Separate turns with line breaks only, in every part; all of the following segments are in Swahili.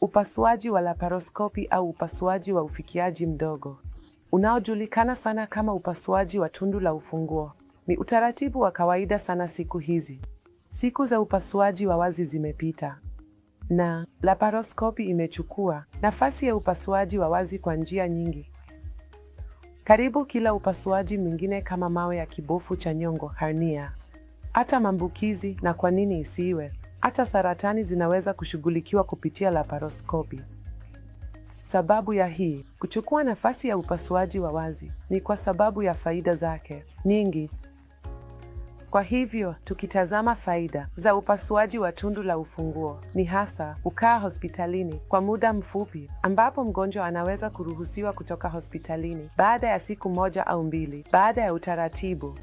Upasuaji wa laparoskopi au upasuaji wa ufikiaji mdogo unaojulikana sana kama upasuaji wa tundu la ufunguo ni utaratibu wa kawaida sana siku hizi. Siku za upasuaji wa wazi zimepita na laparoskopi imechukua nafasi ya upasuaji wa wazi kwa njia nyingi. Karibu kila upasuaji mwingine kama mawe ya kibofu cha nyongo, hernia, hata maambukizi, na kwa nini isiwe? Hata saratani zinaweza kushughulikiwa kupitia laparoskopi. Sababu ya hii kuchukua nafasi ya upasuaji wa wazi ni kwa sababu ya faida zake nyingi. Kwa hivyo tukitazama faida za upasuaji wa tundu la ufunguo ni hasa kukaa hospitalini kwa muda mfupi, ambapo mgonjwa anaweza kuruhusiwa kutoka hospitalini baada ya siku moja au mbili baada ya utaratibu.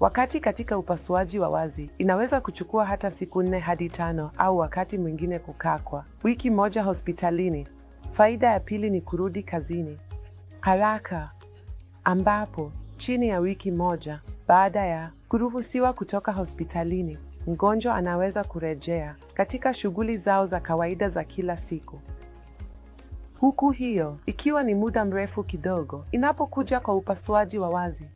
Wakati katika upasuaji wa wazi inaweza kuchukua hata siku nne hadi tano au wakati mwingine kukaa kwa wiki moja hospitalini. Faida ya pili ni kurudi kazini haraka, ambapo chini ya wiki moja baada ya kuruhusiwa kutoka hospitalini, mgonjwa anaweza kurejea katika shughuli zao za kawaida za kila siku, huku hiyo ikiwa ni muda mrefu kidogo inapokuja kwa upasuaji wa wazi.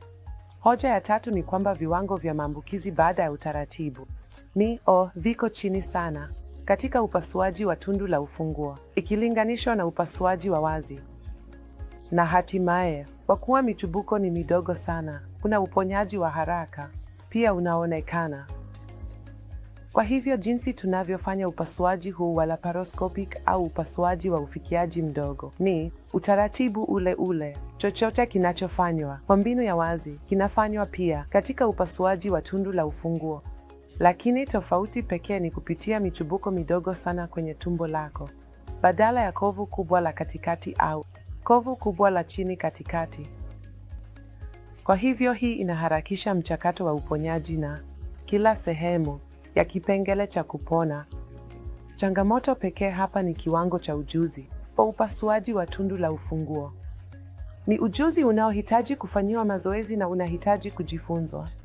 Hoja ya tatu ni kwamba viwango vya maambukizi baada ya utaratibu MiO viko chini sana katika upasuaji wa tundu la ufunguo ikilinganishwa na upasuaji wa wazi, na hatimaye kwa kuwa michubuko ni midogo sana, kuna uponyaji wa haraka pia unaonekana. Kwa hivyo jinsi tunavyofanya upasuaji huu wa laparoscopic au upasuaji wa ufikiaji mdogo ni utaratibu ule ule. Chochote kinachofanywa kwa mbinu ya wazi kinafanywa pia katika upasuaji wa tundu la ufunguo, lakini tofauti pekee ni kupitia michubuko midogo sana kwenye tumbo lako badala ya kovu kubwa la katikati au kovu kubwa la chini katikati. Kwa hivyo hii inaharakisha mchakato wa uponyaji na kila sehemu ya kipengele cha kupona. Changamoto pekee hapa ni kiwango cha ujuzi kwa upasuaji wa tundu la ufunguo. Ni ujuzi unaohitaji kufanyiwa mazoezi na unahitaji kujifunzwa.